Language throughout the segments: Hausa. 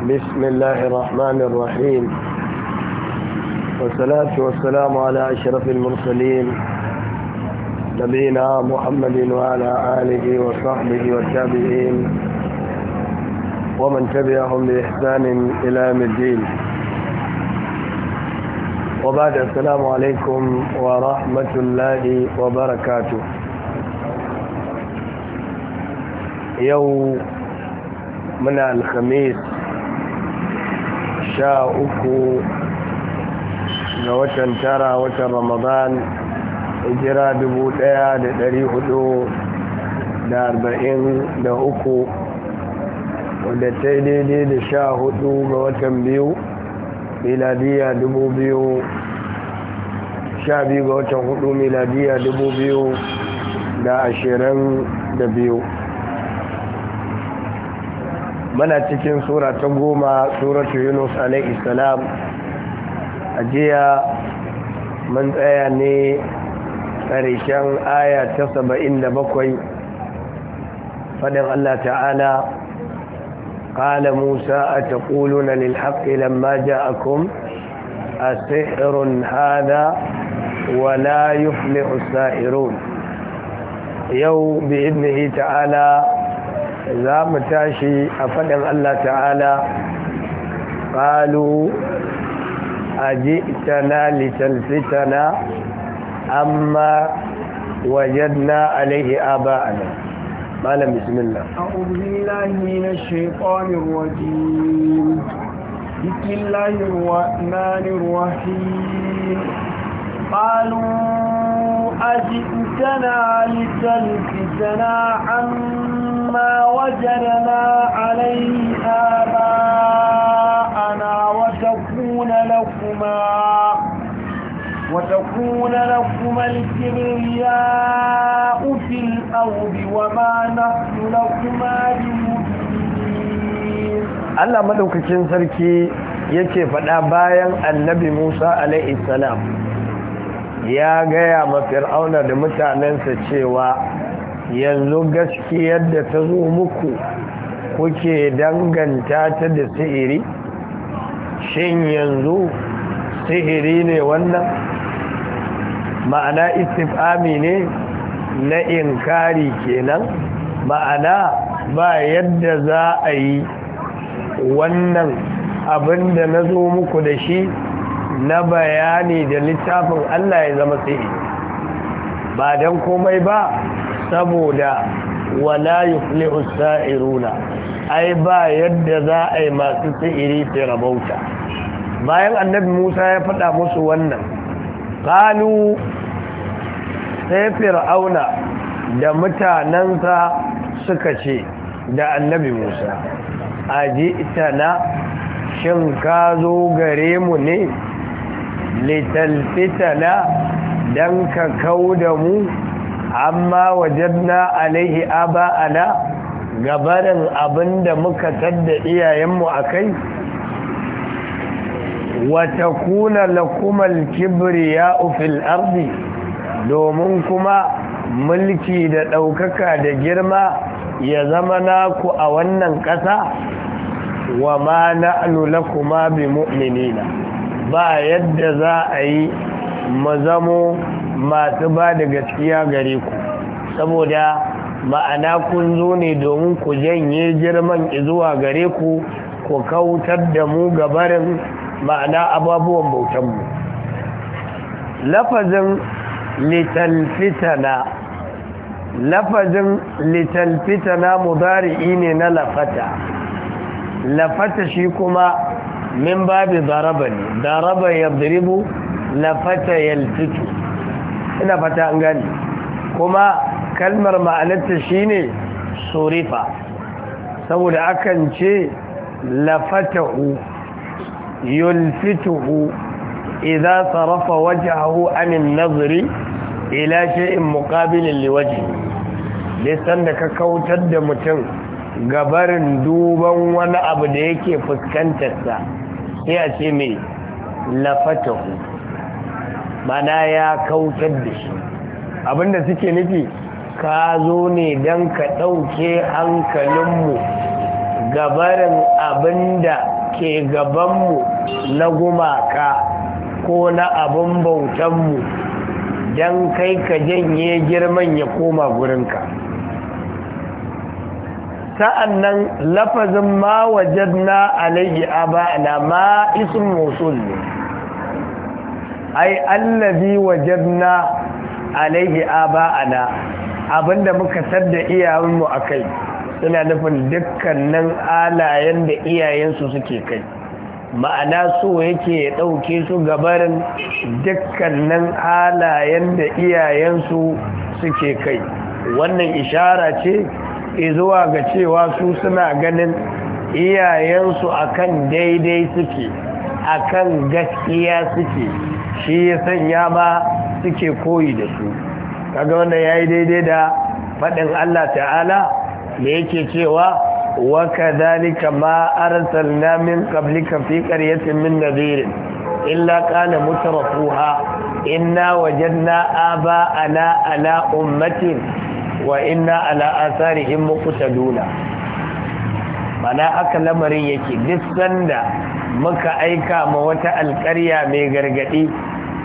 بسم الله الرحمن الرحيم والصلاة والسلام على أشرف المرسلين نبينا محمد وعلى آله وصحبه والتابعين ومن تبعهم بإحسان إلى يوم الدين وبعد السلام عليكم ورحمة الله وبركاته يوم من الخميس sha uku ga watan tara watan ramadan hijira dubu daya da dari hudu da arba'in da uku wadda ta yi daidai da sha hudu ga watan biyu miladiya dubu biyu sha biyu ga watan hudu miladiya dubu biyu da ashirin da biyu muna cikin sura ta goma suratu yunus alaihi salam a jiya mun tsaya ne ƙarshen aya ta saba'in da bakwai faɗin allah ta'ala ƙala musa a taƙuluna lilhaƙi lamma ja'akum a sihirun hada wa la yuflihu sa'irun yau bi ibnihi ta'ala za mu tashi a faɗin Allah ta'ala ƙalu a ji tana litalfitana amma wajadna alaihi a nan, malam bismillah a'udhu billahi minash shaitanir rajim bismillahir rahmanir rahim qalu ajitana litalfitana amma ما وجدنا عليه آباءنا وتكون لكما وتكون لكم الكبرياء في الأرض وما نحن لكما بمؤمنين الله مدوكتين سركي yake fada bayan annabi Musa alaihi salam ya ga ya mafir'auna da mutanen sa cewa yanzu gaskiyar da ta zo muku kuke danganta ta da sihiri shin yanzu sihiri ne wannan ma'ana istifami ne na inkari kenan ma'ana ba yadda za a yi wannan abin da na zo muku da shi na bayani da littafin Allah ya zama sihiri ba don komai ba saboda wala yuflihu sa'iruna ai ba yadda za a yi masu sa'iri su bayan annabi Musa ya faɗa musu wannan qalu sai fir'auna da mutanansa suka ce da annabi Musa aji itana shin ka zo gare mu ne litalfitana dan ka kauda mu amma wajadna alaihi aba'ana gabarin abinda muka tadda iyayenmu a wata kuna lakumal kibriya ufil arzi domin kuma mulki da ɗaukaka da girma ya zama naku a wannan ƙasa wa ma na'nu kuma bi mu'minina ba yadda za a yi mu zamo masu ba da gaskiya gare ku saboda ma'ana kun zo ne domin ku janye girman zuwa gare ku ku kautar da mu gabarin ma'ana ababuwan bautanmu lafazin litalfitana lafazin litalfitana mudari'i ne na lafata lafata shi kuma min babu daraba ne daraba ya lafata yalfitu ina fata an gani kuma kalmar ma'anarta shine surifa saboda akan ce lafatahu yulfituhu idza sarafa wajhahu anin nazri ila shay'in muqabilin liwajhi lisan da ka kautar da mutum gabarin duban wani abu da yake fuskantar sa sai a ce mai lafatahu mana ya kautar da shi abinda suke nufi ka zo ne don ka ɗauke hankalinmu gabarin abinda ke gabanmu na gumaka ko na abin bautanmu don kai ka janye girman ya koma gurinka sa'an nan lafazin ma wajen na alayyi a ba'ana ma isin mosul ne ai allazi wajadna alaihi aba'ana abinda muka sadda iyayenmu akai suna nufin dukkanin alayen da iyayensu suke kai ma'ana so yake ya ɗauke su gabarin dukkanin halayen da iyayensu suke kai wannan ishara ce zuwa ga cewa su suna ganin iyayensu akan daidai suke akan gaskiya suke shi ya sanya ma suke koyi da su kaga wannan yayi daidai da faɗin Allah ta'ala da yake cewa wa kadhalika ma arsalna min qablika fi qaryatin min nadhir illa qala mutrafuha inna wajadna aba ala ummatin wa inna ala asarihim muqtaduna mana aka lamarin yake duk sanda muka aika ma wata alƙarya mai gargadi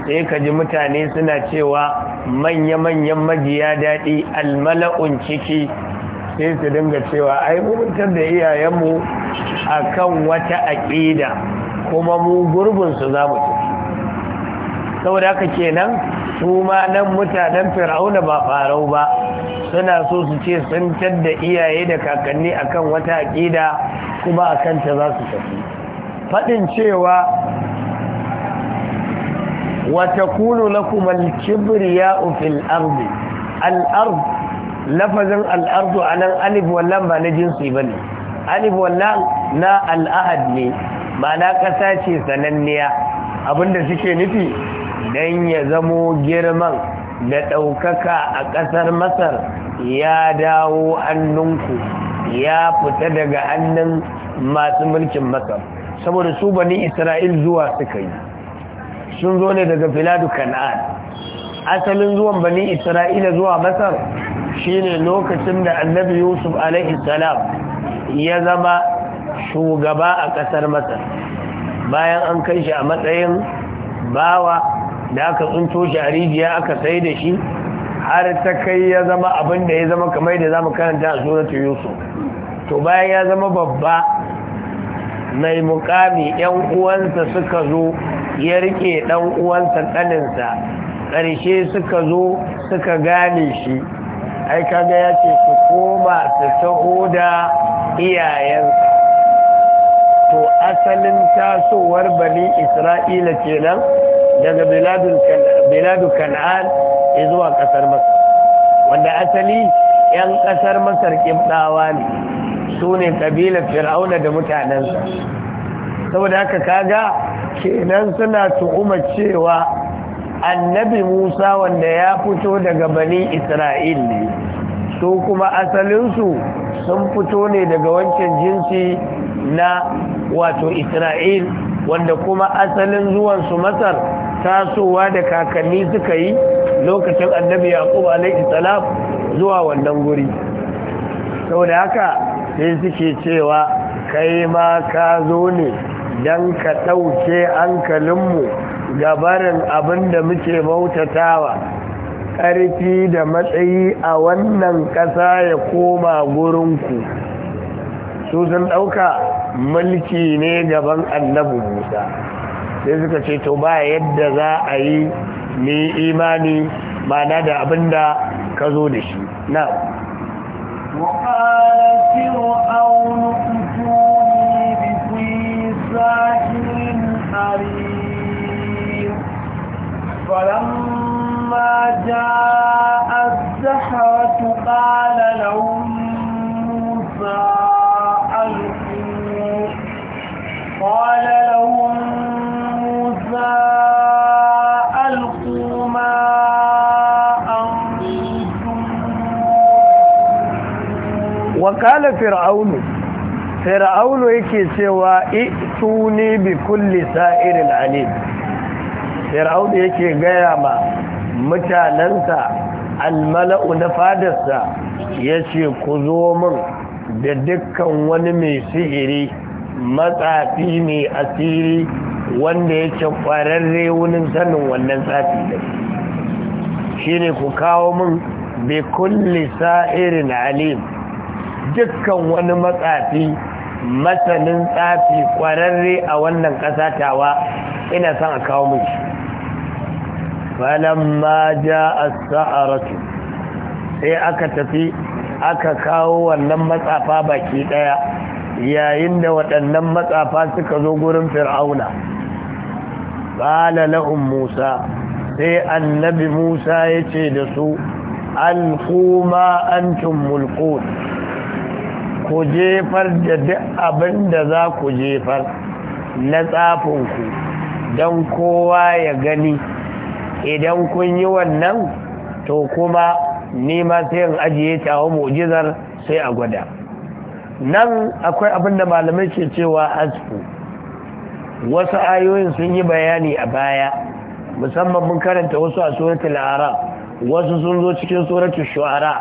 sai ka ji mutane suna cewa manya-manyan majiya daɗi almala'un ciki sai su dinga cewa ai mutar da iyayenmu a kan wata aƙida kuma mu gurbinsu za mu tafi saboda haka kenan su ma nan mutanen fir'auna ba farau ba suna so su ce sun tadda iyaye da kakanni akan wata aƙida kuma akan ta za su tafi faɗin cewa wa takunu lakum al-kibriya'u fil ardi al-ard lafazin al-ardu anan alif wallan ba na jinsi bane alif wallan na al ne ma'ana ƙasa ce sananniya da suke nufi dan ya zamo girman da ɗaukaka a ƙasar masar ya dawo annunku ya fita daga annun masu mulkin masar saboda su bani isra'il zuwa suka yi sun zo ne daga filadu kan'an asalin zuwan bani isra'ila zuwa masar shine lokacin da annabi yusuf alaihi ya zama shugaba a kasar masar bayan an kai shi a matsayin bawa da aka tsunto shi a rijiya aka sai da shi har ta kai ya zama abin da ya zama kamar da mu karanta a suratul yusuf to bayan ya zama babba mai mukami yan uwansa suka zo ya rike dan uwansa daninsa ƙarshe suka zo suka gane shi ai kaga ya ce su koma su taho da iyayensa to asalin tasowar bani isra'ila kenan daga biladu kan'an zuwa kasar masar wanda asali 'yan kasar masar ƙibɗawa ne su ne ƙabilar fir'auna da mutanensa saboda haka kaga kenan suna tuhuma cewa annabi musa wanda ya fito daga bani isra'il ne su kuma asalinsu sun fito ne daga wancan jinsi na wato isra'il wanda kuma asalin zuwansu masar tasowa da kakanni suka yi lokacin annabi yaqub alaihi salam zuwa wannan guri saboda haka sai suke cewa kai ma ka zo ne don ka ɗauke hankalinmu gabarin abin da muke bautatawa ƙarfi da matsayi a wannan ƙasa ya koma gurinku su sun ɗauka mulki ne gaban annabu musa sai suka ce to ba yadda za a yi ni imani mana da abin da ka zo da shi na وقالت فرعون فلما جاء السحرة قال لهم موسى ألقوا قال لهم موسى ألقوا ما أنتم وقال فرعون fir'aunu yake cewa ituni bi kulli sa'irin alim fir'aunu yake gaya ma mutanensa almala'u na fadarsa yace ku zo min da dukkan wani mai sihiri matsafi mai asiri wanda yake kwararre wunin sanin wannan tsafi da shine ku kawo min bi kulli sa'irin alim dukkan wani matsafi masanin tsafi kwararre a wannan ƙasa tawa ina son a kawo mun shi ma ja a saaratu sai aka tafi aka kawo wannan matsafa baki ɗaya, yayin da waɗannan matsafa suka zo gurin fir'auna qala lahum musa sai annabi musa yace da su alquma antum mulqun ku jefar da duk abin da za ku jefar na tsafinku don kowa ya gani idan kun yi wannan to kuma nema sai yin ajiye tawo mu'jizar sai a gwada nan akwai abin da malamai ke cewa asfu wasu ayoyin sun yi bayani a baya musamman mun karanta wasu a suratul araf wasu sun zo cikin suratul shu'ara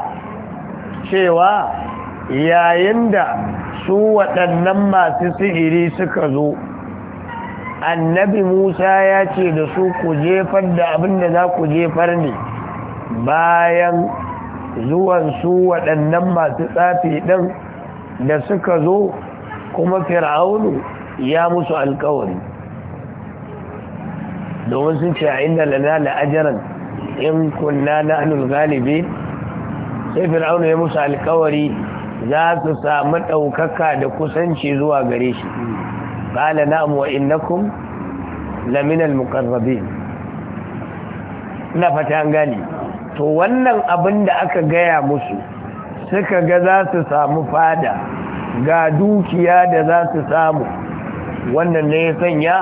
cewa yayin da su waɗannan masu sihiri suka zo annabi musa ya ce da su ku jefar da abin da za ku jefar ne bayan zuwan su waɗannan masu tsafi ɗin da suka zo kuma fir'aunu ya musu alkawari domin sun ce a inda lana la'ajaran in kunna na hannun galibi sai fir'aunu ya musu alkawari za su samu ɗaukaka da kusanci zuwa gare shi ƙala na'am wa innakum laminal muƙarrabe. na fatan gani to wannan abin da aka gaya musu suka ga za su samu fada ga dukiya da za su samu wannan ne ya sanya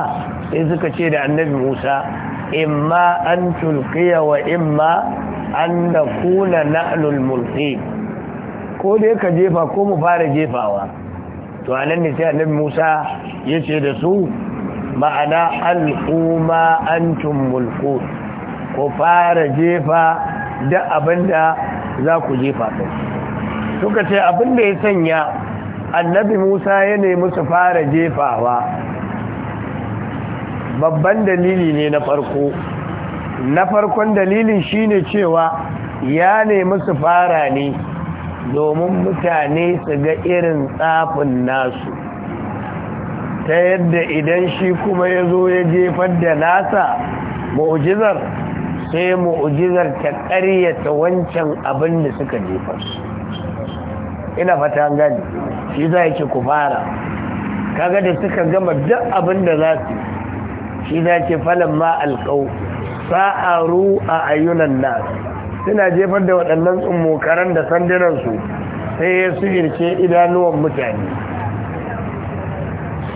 sai suka ce da annabi musa imma an tulkiya wa imma an na kuna na'alul ko dai ka jefa ko mu fara jefawa to anan ne sai annabi Musa yace da su ma'ana al'umma antum mulku ko fara jefa da abinda za ku jefa To suka ce abinda ya sanya annabi Musa ya nemi musu fara jefawa babban dalili ne na farko na farkon dalilin shine cewa ya nemi musu fara ne domin mutane su ga irin tsafin nasu ta yadda idan shi kuma ya zo ya jefar da nasa mu'ujizar sai mu'ujizar ta karyata wancan abin da suka jefar ina fata gani shi za yake ku fara kaga da suka gama duk abin da za su shi za ce falon ma sa'aru a ayyunan nasu suna jefar da waɗannan tsummokaran da sandunansu sai ya irke idanuwan mutane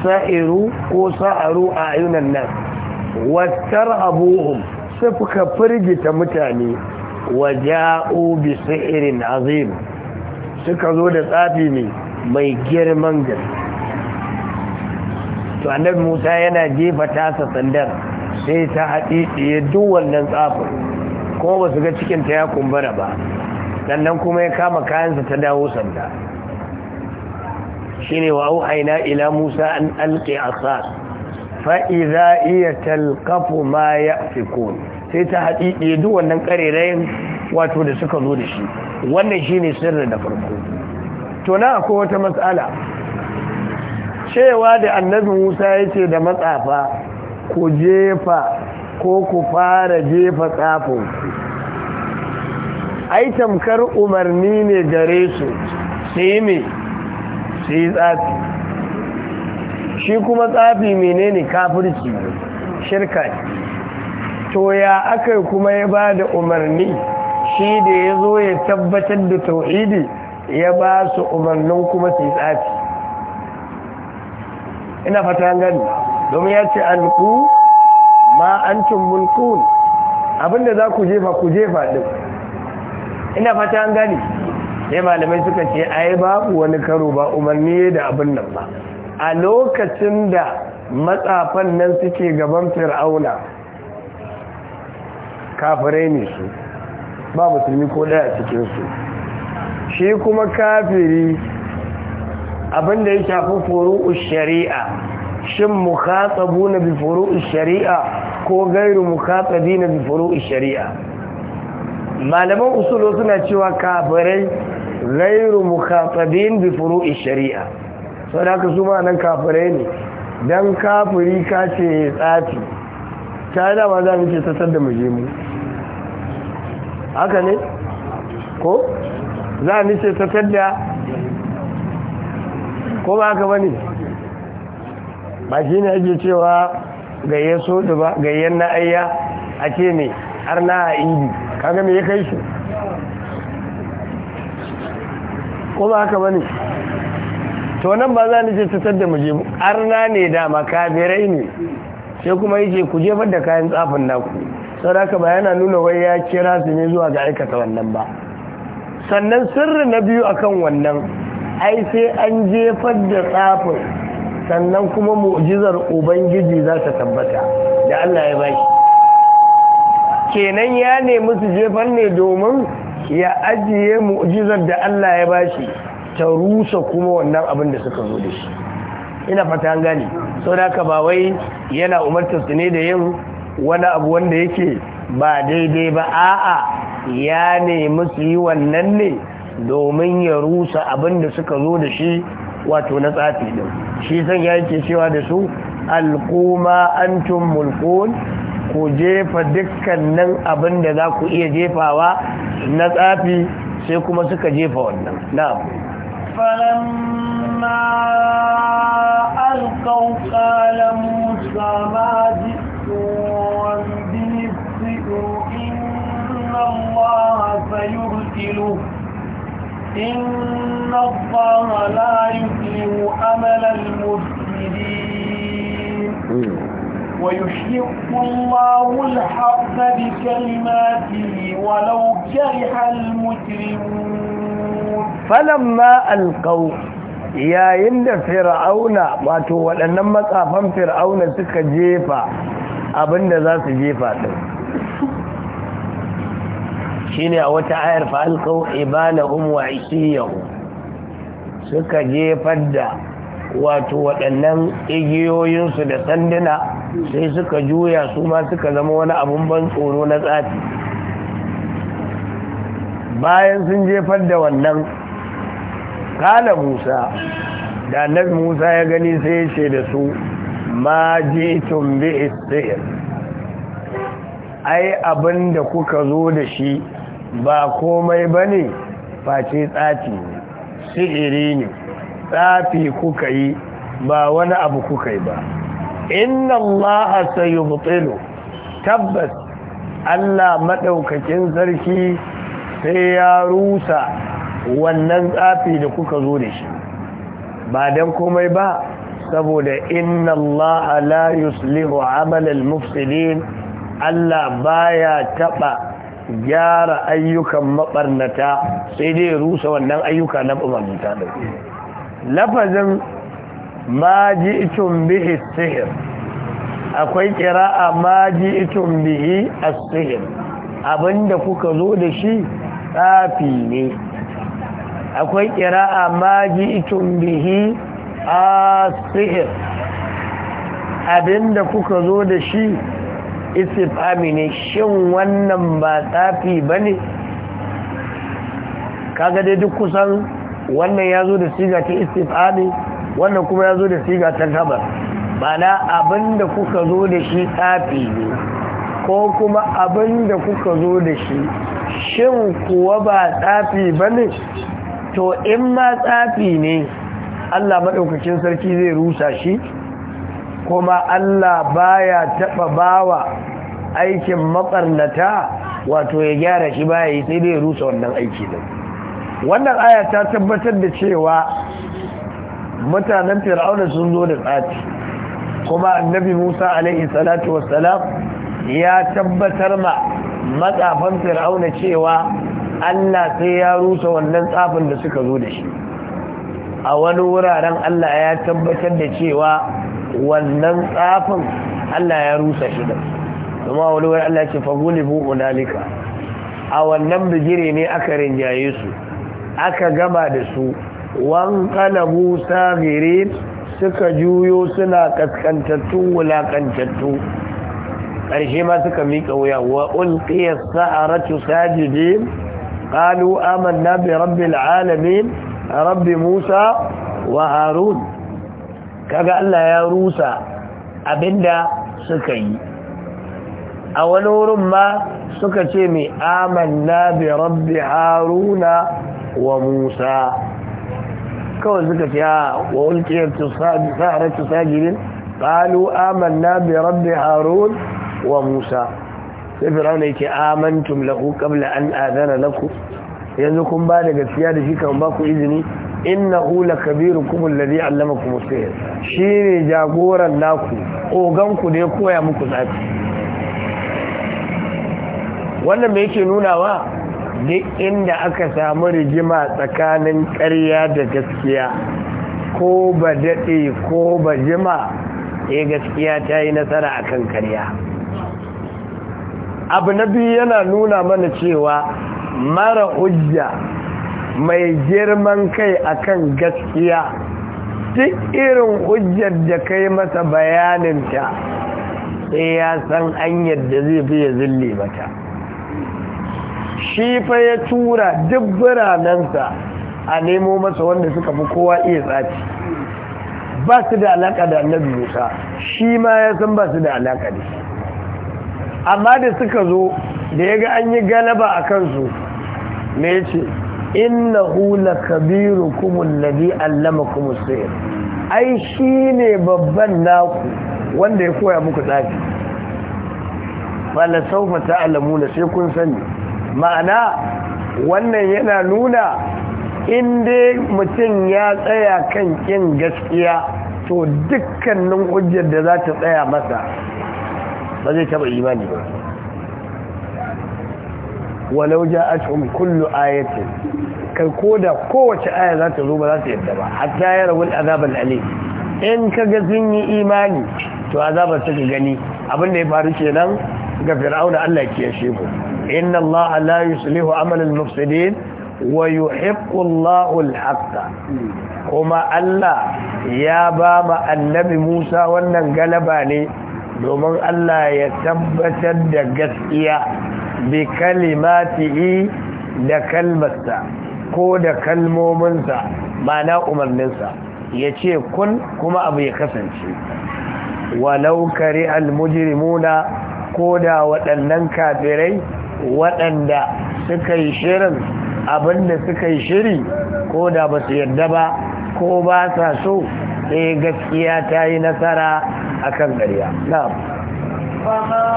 sa'iru ko sa'aru a ayunan nan wattar abuhum suka firgita mutane waja'u bi sa'irin azim suka zo da tsafi ne mai girman gari to annabi Musa yana jefa tasa sandar sai ta haɗiɗiye duk wannan tsafin kuma ba su ga cikinta ya kumbura ba sannan kuma ya kama kayansa ta dawo sanda shine wa aina ila musa an alqi a sa fa’iza iya talkafu ma yafikun sai ta haɗi duk wannan karerayen wato da suka zo da shi wannan shine sirri da farko to na akwai wata matsala cewa da annabi musa ya ce da matsafa ku jefa ko ku fara jefa tsafinku ai tamkar umarni ne gare su sai me sai tsafi shi kuma tsafi menene kafirci shirka to ya aka kuma ya bada umarni shi da ya zo ya tabbatar da tauhidi ya ba su umarnin kuma su tsafi ina fata gani domin ya ce alku ma an cin mulkun abinda za ku jefa ku jefa ɗin. ina fata an gani sai malamai suka ce ai babu wani karo ba umarni da abin nan ba a lokacin da matsafan nan suke gaban fir'auna kafirai ne su ba musulmi ko daya cikin su shi kuma kafiri abinda ya shafi foro shari'a shin mukhatabuna bi furu'i shari'a ko gairu na bi furu'i shari'a malaman usulo suna cewa kafirai gairu mukhatabin bi furu'i shari'a saboda da su ma nan kafirai ne dan kafiri ka ce tsafi ta yi ma za mu ce tasar da muje mu haka ne ko za mu ce tasar da ko ba haka bane ba shi ne ake cewa gayye da ba gayyen na ayya a ce ne har na a indi kaga me ya kai shi ko ba haka ba ne to nan ba za ni ce cutar da muje arna ne dama makabirai ne sai kuma yake ku jefar da kayan tsafin naku sau haka ba yana nuna wai ya kira su ne zuwa ga aikata wannan ba sannan sirri na biyu akan wannan ai sai an jefar da tsafin sannan kuma mu'jizar ubangiji za ta tabbata da Allah ya baki kenan ya nemi su jefar ne domin ya ajiye mu'jizar da Allah ya bashi ta rusa kuma wannan abin da suka zo da shi ina fata an gane ba wai yana umartar su ne da yin wani abu wanda yake ba daidai ba a'a ya nemi su yi wannan ne domin ya rusa abin da suka zo da shi wato na tsafi ne shi san ya yake cewa da su alquma antum mulqun ku jefa dukkanin abin da za ku iya jefawa na tsafi sai kuma suka jefa wannan na'am falamma alqaw qala musa ma ji'tum bi إن الله لا يسلم أمل المفسدين ويحق الله الحق بكلماته ولو كره المجرمون فلما ألقوا yayin da fir'auna wato waɗannan matsafan fir'auna suka jefa abinda za su jefa ɗin shine a wata ayar fa alqaw ibalahum wa isiyahum suka jefar da wato waɗannan igiyoyinsu da sanduna sai suka juya su ma suka zama wani abun ban tsoro na tsafi bayan sun jefar da wannan kala musa da annabi musa ya gani sai ya ce da su ma ji tumbi ai abin da kuka zo da shi ba komai ba ne face tsafi ne shi'iri ne tsafi kuka yi ba wani abu kuka yi ba inna Allah sayubtilu tabbas Allah maɗaukakin sarki sai ya rusa wannan tsafi da kuka zo da shi ba dan komai ba saboda inna Allah la yuslihu Amalal al-mufsidin Allah baya taɓa. gyara ayyukan maɓarnata sai dai rusa wannan ayyuka na maɓarnata da lafazin ma ji itun bihi sihir akwai kira'a ma ji itun bihi a sihir abinda kuka zo da shi tsafi ne akwai kira'a ma ji itun bihi a sihir abinda kuka zo da shi istifami ne shin wannan ba tsafi ba ne kaga dai duk kusan wannan ya zo da siga ta istifami wannan kuma ya zo da siga ta gabar mana abinda kuka zo da shi tsafi ne ko kuma abinda kuka zo da shi shin kuwa ba tsafi ba ne to in ma tsafi ne allah maɗaukacin sarki zai rusa shi kuma Allah baya taba bawa aikin makarnata wato ya gyara shi baya yi sai dai rusa wannan aiki din wannan aya ta tabbatar da cewa mutanen fir'auna sun zo da tsati kuma annabi Musa alaihi salatu wassalam ya tabbatar ma matsafan fir'auna cewa Allah sai ya rusa wannan tsafin da suka zo da shi a wani wuraren Allah ya tabbatar da cewa wannan tsafin Allah ya rusa shi da kuma wani wani Allah ce fagulibu unalika a wannan bigire ne aka rinjaye su aka gama da su wankana kalabu sagirin suka juyo suna kaskantattu wulakantattu ƙarshe ma suka miƙa wuya wa ulqiya sa'aratu sajidin ƙalu amanna bi rabbil alamin rabbi musa wa harun kaga Allah ya rusa abinda suka yi a wani wurin ma suka ce mai amanna bi rabbi haruna wa musa kawai suka ce ah, wa ulkiyar sa'arar tusagirin ƙalu amanna bi rabbi harun wa musa sai firawuna yake amantum lahu qabla an adana lakum yanzu kun ba da gaskiya da shi kan ba ku izini Inna Kabiru kuma lakabirukum allama kuma sayar Shi ne jagoran naku oganku ne koya muku zafi? wannan me yake nunawa duk inda aka samu rigima tsakanin karya da gaskiya ko ba daɗe ko ba jima ya eh gaskiya ta yi nasara a kan karya. abu na biyu yana nuna mana cewa mara hujja mai girman kai akan gaskiya duk irin hujjar da kai masa bayaninta sai ya san hanyar da zai fi ya zille mata shi fa ya tura duk biranensa a nemo masa wanda suka fi kowa iya tsaci ba su da alaka da annabi musa shi ma ya san ba su da alaka da shi amma da suka zo da ya ga an yi galaba a kansu me ce innahu lakabirukum alladhi allama kuma sihr ai ne babban naku wanda ya koya muku tsafi fala ta ta'lamuna sai kun sani ma'ana wannan yana nuna in dai mutum ya tsaya kan kin gaskiya to dukkanin hujjar da za ta tsaya masa ba zai taba imani ba walau ja'atuhum kullu ayatin kai koda kowace aya za ta zo ba za ta yadda ba hatta ya rawul azabal alim in kaga sun yi imani to azabar suka gani da ya faru kenan ga fir'auna Allah ya kiyashe mu inna Allah la yuslihu amal al-mufsidin wa yuhibbu Allahu al-haqqa kuma Allah ya ba ma annabi Musa wannan galaba ne domin Allah ya tabbatar da gaskiya bi kalimatihi da kalmarsa ko da kalmominsa ma'ana umarninsa ya ce kun kuma abu ya kasance walau kare almujirimuna ko da waɗannan kafirai waɗanda suka yi shirin abinda suka yi shiri ko da ba su yarda ba ko ba sa so sai eh, gaskiya ta yi nasara akan kan ɗariya. فما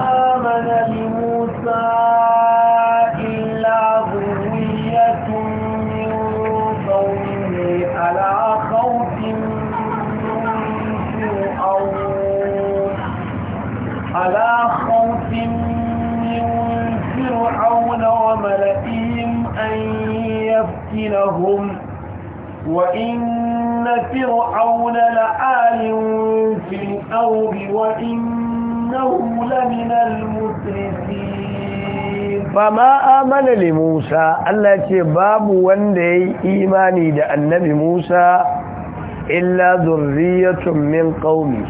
آمن لموسى إلا ذرية من قومه على خوف من فرعون على خوف من فرعون وملئهم أن يفتنهم وإن فرعون لآل في الأرض وإنه لمن المسرفين فما آمن لموسى التي باب وندي إيماني دا النبي موسى إلا ذرية من قومه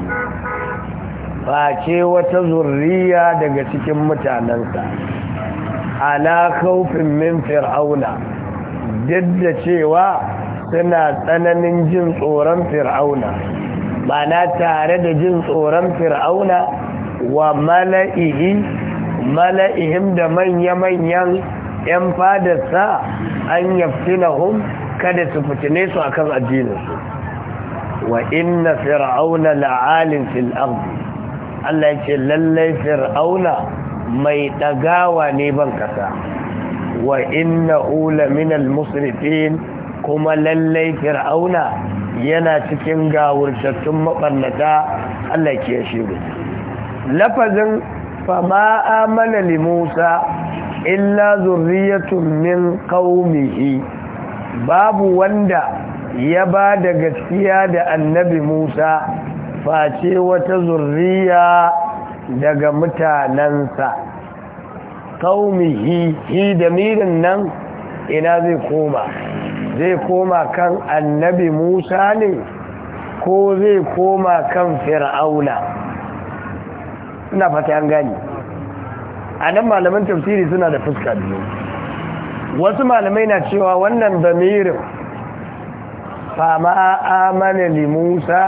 face wata zurriya daga cikin mutanensa ala kaufin min fir'auna duk da cewa suna tsananin jin tsoron fir'auna mana tare da jin tsoron fir'auna wa mala'ihi mala'ihim da manya-manyan 'yan fadarsa an yaftinahum kada su fitine su akan addininsu wa inna fir'auna la'alin fil Allah ce lallai fir'auna mai ɗagawa ne ban kasa wa inna ula minal musrifin kuma lallai fir'auna yana cikin gawurtattun maɓannata Allah ke shiru lafazin fama amana li musa illa zurriyatun min qaumihi babu wanda ya ba da gaskiya da annabi musa face wata zurriya daga mutanensa qaumihi hi da mirin nan ina zai koma zai koma kan annabi musa ne ko zai koma kan fir'auna ina fata an gani a nan malaman tafsiri suna da fuska biyu wasu malamai na cewa wannan zamirin fama amana li musa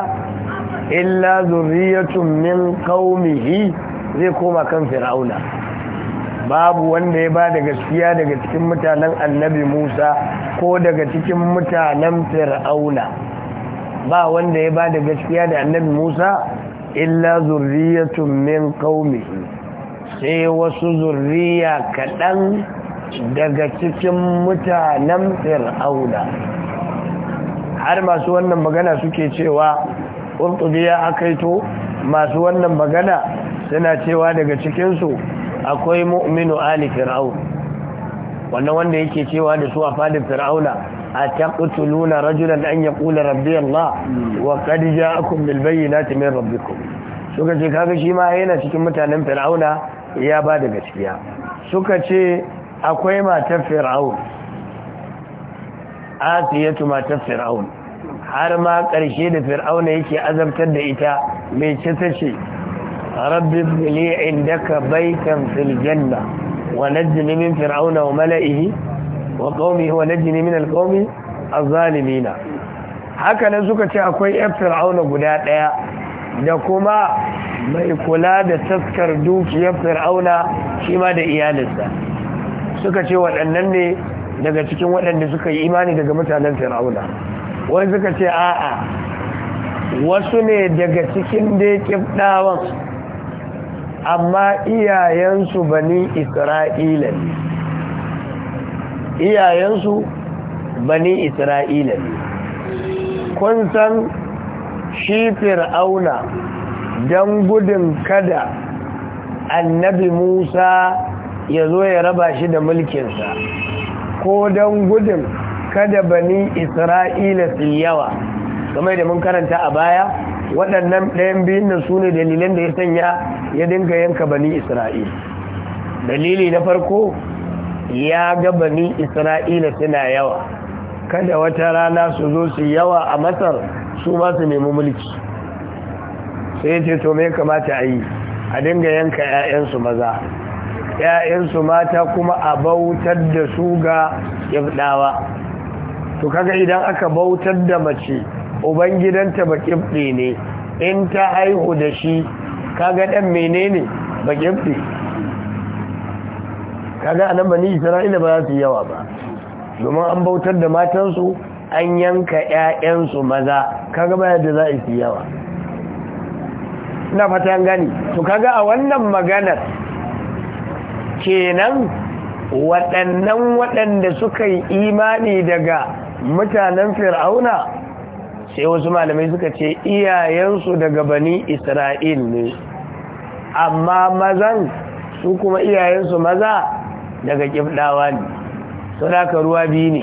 illa zurriyatun min qaumihi zai koma kan fir'auna babu wanda ya ba da gaskiya daga cikin mutanen annabi musa ko daga cikin mutanen fir'auna ba wanda ya ba da gaskiya da annabi musa illa zurriyatun min kaumi sai wasu zurriya kaɗan daga cikin mutanen fir'auna har masu wannan magana suke cewa ƙurtubi ya akaito masu wannan magana suna cewa daga cikinsu akwai mu'minu ali fir'aun wannan wanda yake cewa da su a fadin fir'auna a taqtuluna rajulan an yaqula rabbi allah wa qad ja'akum bil bayyinati min rabbikum suka ce kaga shi ma yana cikin mutanen fir'auna ya ba da gaskiya suka ce akwai matar fir'aun asiyatu matar fir'aun har ma ƙarshe da fir'auna yake azabtar da ita mai ce رب لي عندك بيتا في الجنة ونجني من فرعون وملئه وقومه ونجني من القوم الظالمين hakanan suka ce akwai yan fir'auna guda ɗaya da kuma mai kula da taskar dukiyar fir'auna shi ma da iyalinsa suka ce waɗannan ne daga cikin waɗanda suka yi imani daga mutanen fir'auna wani suka ce a'a wasu ne daga cikin da ƙifɗawan amma iyayensu bani isra'ila ne iyayensu bani isra'ila ne kun san shi fir'auna don gudun kada annabi musa ya zo ya raba shi da mulkinsa ko don gudun kada bani isra'ila su yawa kamar da mun karanta a baya waɗannan ɗayan biyun nan su ne dalilan da ya sanya ya dinga yanka bani isra'ila dalili na farko ya ga bani isra'ila suna yawa kada wata rana su zo su yawa a masar su ma su nemi mulki sai ce to me kamata a yi a dinga yanka 'ya'yansu maza 'ya'yansu mata kuma a bautar da su ga yabdawa to kaga idan aka bautar da mace ubangidanta bakibɗe ne in ta haihu da shi kaga ɗan menene bakibɗe kaga anan bani isra'ila ba za su yawa ba domin an bautar da matansu an yanka 'ya'yansu maza kaga ba da za a yi yawa na fatan gani to kaga a wannan maganar kenan waɗannan waɗanda suka yi imani daga mutanen fir'auna sai wasu malamai suka ce iyayensu daga bani isra'il ne amma mazan su kuma iyayensu maza daga kifdawa ne ka ruwa biyu ne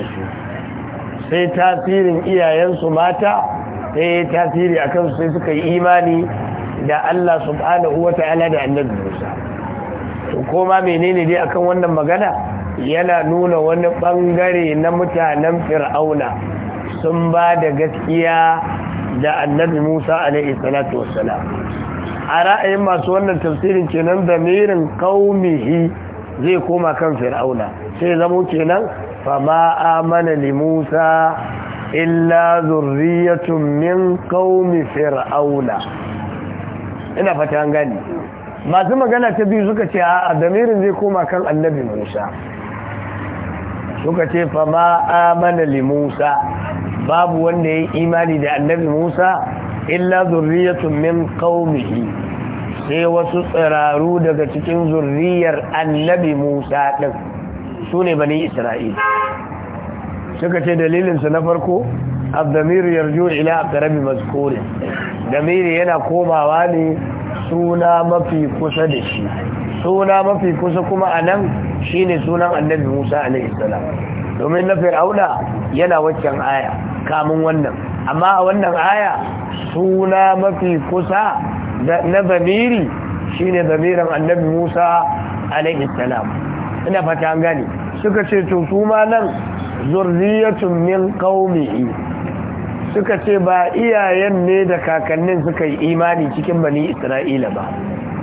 sai tasirin iyayensu mata sai tasiri a kansu sai suka yi imani da Allah subhanahu wa ta'ala da annabi Musa to koma menene dai akan wannan magana yana nuna wani bangare na mutanen fir'auna sun ba da gaskiya da annabi musa alaihi salatu wassalam a ra'ayin masu wannan tafsirin kenan mirin kaumihi zai koma kan fir'auna sai zamo kenan fa ma amana li musa illa zurriyatun min qaumi fir'auna ina fata an gani masu magana ta biyu suka ce a damirin zai koma kan annabi musa suka ce fa ma amana li musa babu wanda ya yi imani da annabi musa illa zurriyatun min qaumihi sai wasu tsiraru daga cikin zurriyar annabi musa din su ne bani isra'ila suka ce dalilinsa na farko abdamiru yarju ila abdarabi mazkurin damiri yana komawa ne suna mafi kusa da shi suna mafi kusa kuma a anan shine sunan annabi musa alaihi domin na fir'auna yana waccan aya kamun wannan amma a wannan aya suna mafi kusa na zamiri shine zamirin annabi Musa alaihi salam ina fata gani suka ce to su ma nan zurriyatun min qaumihi suka ce ba iyayen ne da kakannin suka yi imani cikin bani Isra'ila ba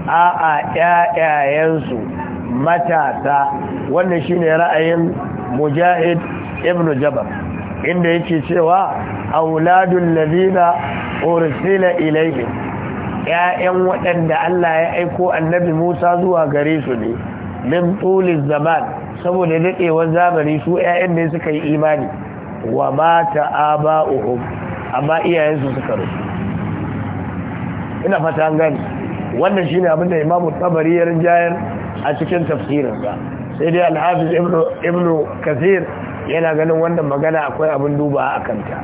a'a ƴaƴayensu matasa wannan shine ra'ayin mujahid ibn jabar inda yake cewa auladul ladina ursila ilayhim ya'yan waɗanda Allah ya aiko annabi Musa zuwa gare su ne min tuli zaman saboda dadewar zamani su ya'yan ne suka yi imani wa mata aba'uhum amma iyayensu suka rusu ina fata an gani wannan shine abin da Imam Tabari ya rinjayar a cikin tafsirinsa sai dai alhafiz ibnu kasir yana ganin wannan magana akwai abin duba a kanta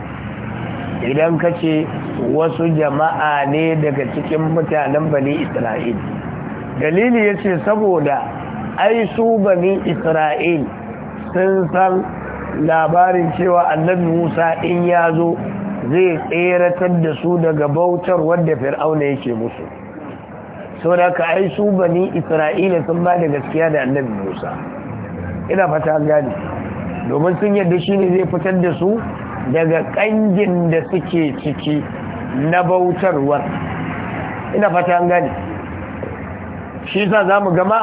idan ka ce wasu jama'a ne daga cikin mutanen bani isra'il dalili ya ce saboda ai su bani isra'il sun san labarin cewa annabi musa in ya zo zai tseratar da su daga bautar wadda fir'auna yake musu saboda ka ai su bani isra'ila sun ba da gaskiya da annabi musa ina fata gani domin sun yadda shi ne zai fitar da su daga ƙangin da suke ciki na bautarwar ina fata gani shi sa za mu gama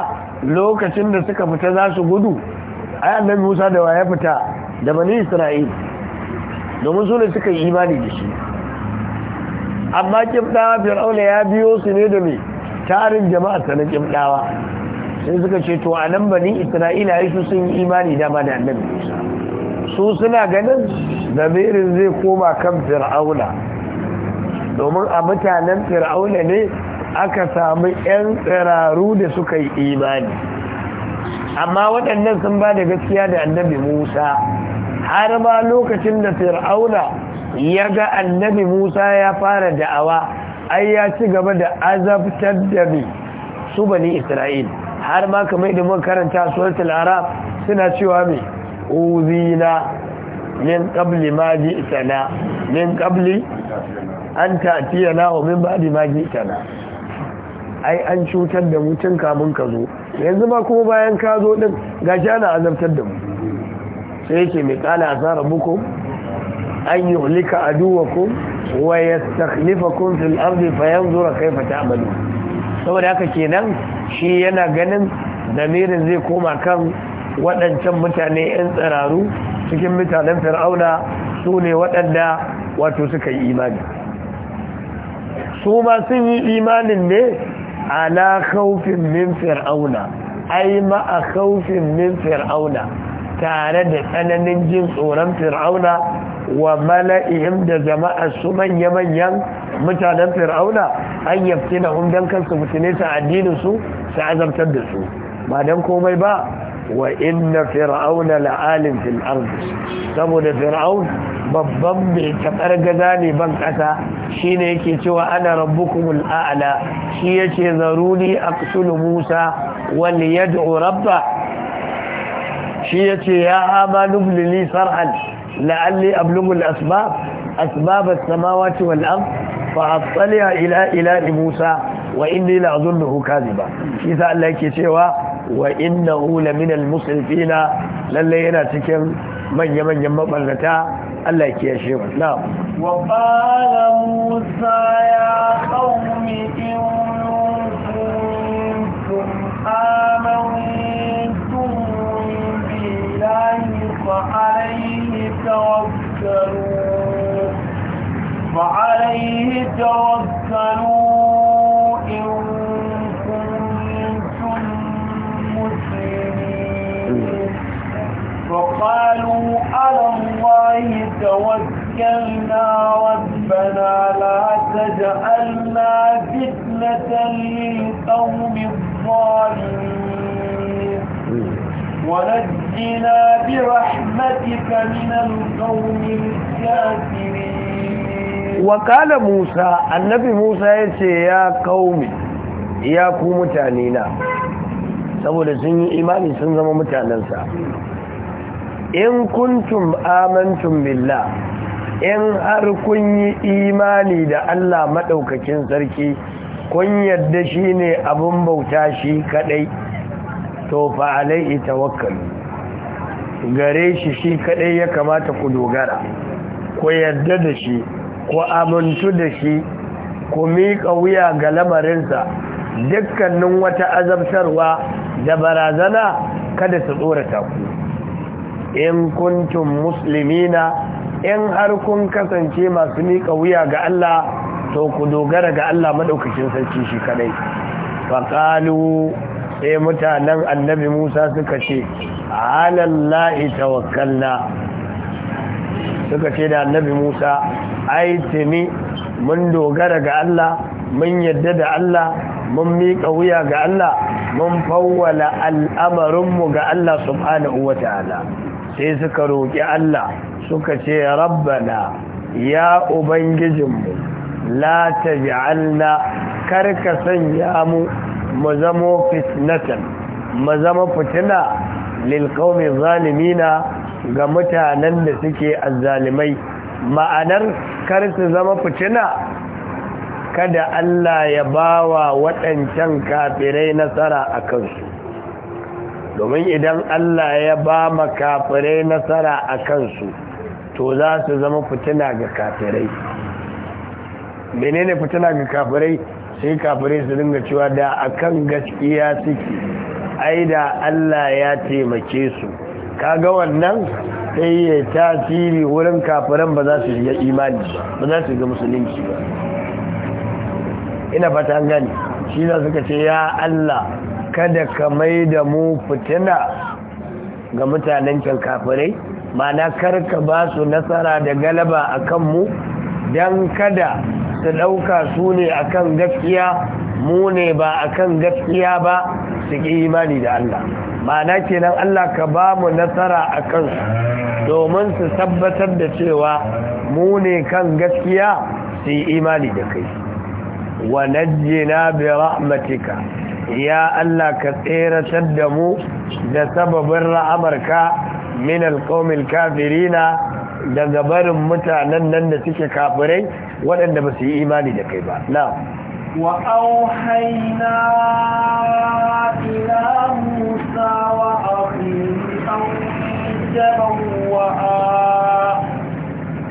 lokacin da suka fita za su gudu ai annabi musa da ya fita da bani isra'ila domin su ne suka yi imani da shi amma kifta fir'auna ya biyo su ne da mai tarin jama'a ta na kimdawa sai suka ce to a nan bani isra'ila ya su sun yi imani dama da annabi su suna ganin zamirin zai koma kan fir'auna domin a mutanen fir'auna ne aka samu 'yan tsiraru da suka yi imani amma waɗannan sun ba da gaskiya da annabi musa har ma lokacin da fir'auna ya ga annabi musa ya fara da'awa ai ya ci gaba da azabtar da ni su bani isra'il har ma kamar da mun karanta suratul al-a'raf suna cewa me uzina min qabli ma ji'tana min qabli an ta'tiyana wa min ba'di ma ji'tana ai an cutar da mu tun kamun ka zo yanzu ma kuma bayan ka zo din gashi ana azabtar da mu sai yake mai qala azarabukum bukum an yi yuhlika aduwakum wa yastakhlifakum fil ardi fayanzura kaifata ta'malu saboda haka kenan shi yana ganin damirin zai koma kan waɗancan mutane 'yan tsiraru cikin mutanen fir'auna su ne waɗanda wato suka yi imani su ma sun yi imanin ne ala kaufin min fir'auna ai a kaufin min fir'auna tare da tsananin jin tsoron fir'auna wa mala'ihim da jama'a su manya-manyan mutanen fir'auna an yafti na hundan kansu mutune su addinin su su azabtar da su ba don komai ba wa inna fir'auna la'alin fil saboda fir'aun babban mai tabar gaza ne ban kasa shine yake cewa ana rabbukumul a'ala shi yace zaruni aqtulu musa wal yad'u rabba shi yace ya amanu bi li la'alli ablughu al-asbab asbab as-samawati wal-ard fa attali'a ila ilahi Musa wa inni la'adunnuhu kadhiba shi sa Allah yake cewa wa innahu laminal musrifina lalle yana cikin manya-manyan mabarrata Allah ke yashe wa na'am wa qala musa ya qaumi in توكلوا فعليه توكلوا إن كنتم فقالوا على الله توكلنا ربنا لا تجعلنا فتنة للقوم الظالمين ونجينا برحمتك من القوم الكافرين وقال موسى النبي موسى يتي يا قومي يا قوم تانينا saboda sun yi imani sun zama mutanensa in kuntum amantum billah in har kun yi imani da Allah maɗaukakin sarki kun yadda shi ne abin bauta shi kaɗai to fa alaihi tawakkalu gare shi shi kadai ya kamata ku dogara ku yadda da shi ku amintu da shi ku miƙa wuya ga lamarinsa dukkanin wata azabtarwa da barazana kada su tsorata ku in kuntum muslimina in har kun kasance masu miƙa wuya ga Allah to ku dogara ga Allah madaukakin sarki shi kadai faƙalu sai mutanen annabi musa suka ce alallahi tawakkalna suka ce da annabi musa ai mun dogara ga allah mun yadda da allah mun miƙa wuya ga allah mun fawwala al'amarinmu ga allah subhanahu wa ta'ala sai suka roƙi allah suka ce rabbana ya ubangijinmu la ta ji'alna karka sanya mu mu zamo fitnatan mu fitna fitina lilkaumi zalimina ga mutanen da suke azzalimai ma'anar kar su zama fitna kada Allah ya bawa waɗancan kafirai nasara a kansu domin idan Allah ya ba ma kafirai nasara a kansu to za su zama fitina ga kafirai menene fitina ga kafirai sai kafirai su dinga cewa da akan gaskiya suke ai da Allah ya taimake su kaga wannan sai ya tasiri wurin kafiran ba za su shiga imani ba za su shiga musulunci ba ina fata gani shi za suka ce ya Allah kada ka mai da mu fitina ga mutanen can kafirai mana karka ba su nasara da galaba a kanmu don kada su ɗauka su ne a kan gaskiya mu ne ba a kan gaskiya ba su ƙi imani da Allah ma'ana kenan Allah ka ba mu nasara a kansu domin su tabbatar da cewa mu ne kan gaskiya su yi imani da kai wa najjina bi rahmatika ya Allah ka tseratar da mu da sababin ra'amarka min alqawmil kafirina daga barin mutanen nan da suke kafirai waɗanda ba su yi imani da kai ba na wa auhaina ila musa wa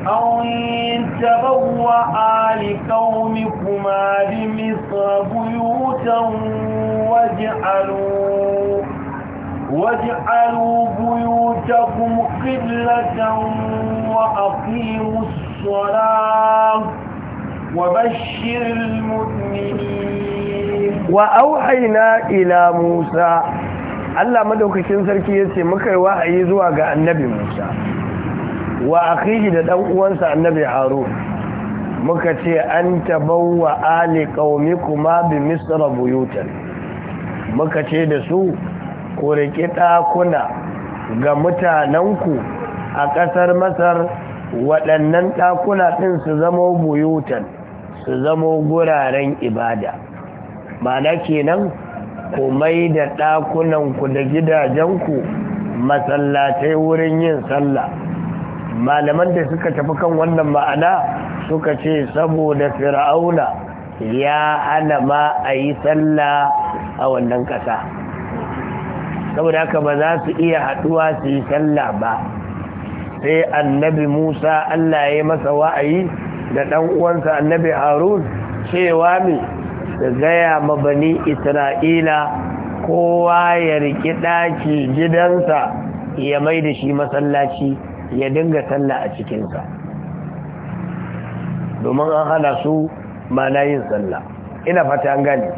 auhin tabawwa a likaumi kuma bi misra buyutan waje alu واجعلوا بيوتكم قبلة وأقيموا الصلاة وبشر المؤمنين وأوحينا إلى موسى Allah madaukakin sarki ya ce muka yi wa'ayi zuwa ga annabi Musa wa akhihi da dan uwansa annabi Harun muka ce an wa ali qaumikuma bi misra buyutan muka ce da su ku riƙi ɗakuna ga mutanenku a ƙasar masar waɗannan ɗakuna ɗin su zama buyutan su zamo guraren ibada mana kenan ku mai da ɗakunanku da gidajenku masallatai wurin yin sallah malaman da suka tafi kan wannan ma'ana suka ce saboda fir'auna ya hana ma a yi sallah a wannan ƙasa saboda haka ba za su iya haɗuwa su yi sallah ba sai annabi musa allah ya masa wa'ayi da ɗan uwansa annabi harun cewa mi da gaya ma bani isra'ila kowa ya riƙi ɗaki gidansa ya mai da shi masallaci ya dinga sallah a cikinsa domin an hana su mana yin sallah ina fata an gani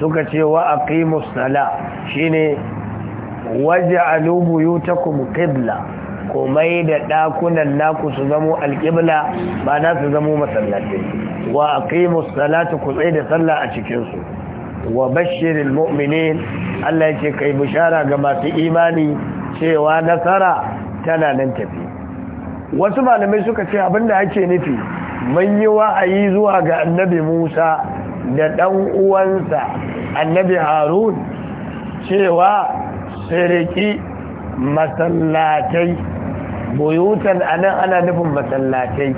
suka ce wa aqimus sala shine waje alubu yutakum qibla komai da dakunan naku su zamo alqibla ba na su zamo masallatai wa aqimus salata ku tsaye da sallah a cikin su wa bashirin mu'minin Allah yake kai bishara ga masu imani cewa nasara tana nan tafi wasu malamai suka ce abinda ake nufi mun yi wa'ayi zuwa ga annabi Musa da ɗanuwansa uwansa annabi Harun cewa siriki masallatai buyutan anan ana nufin masallatai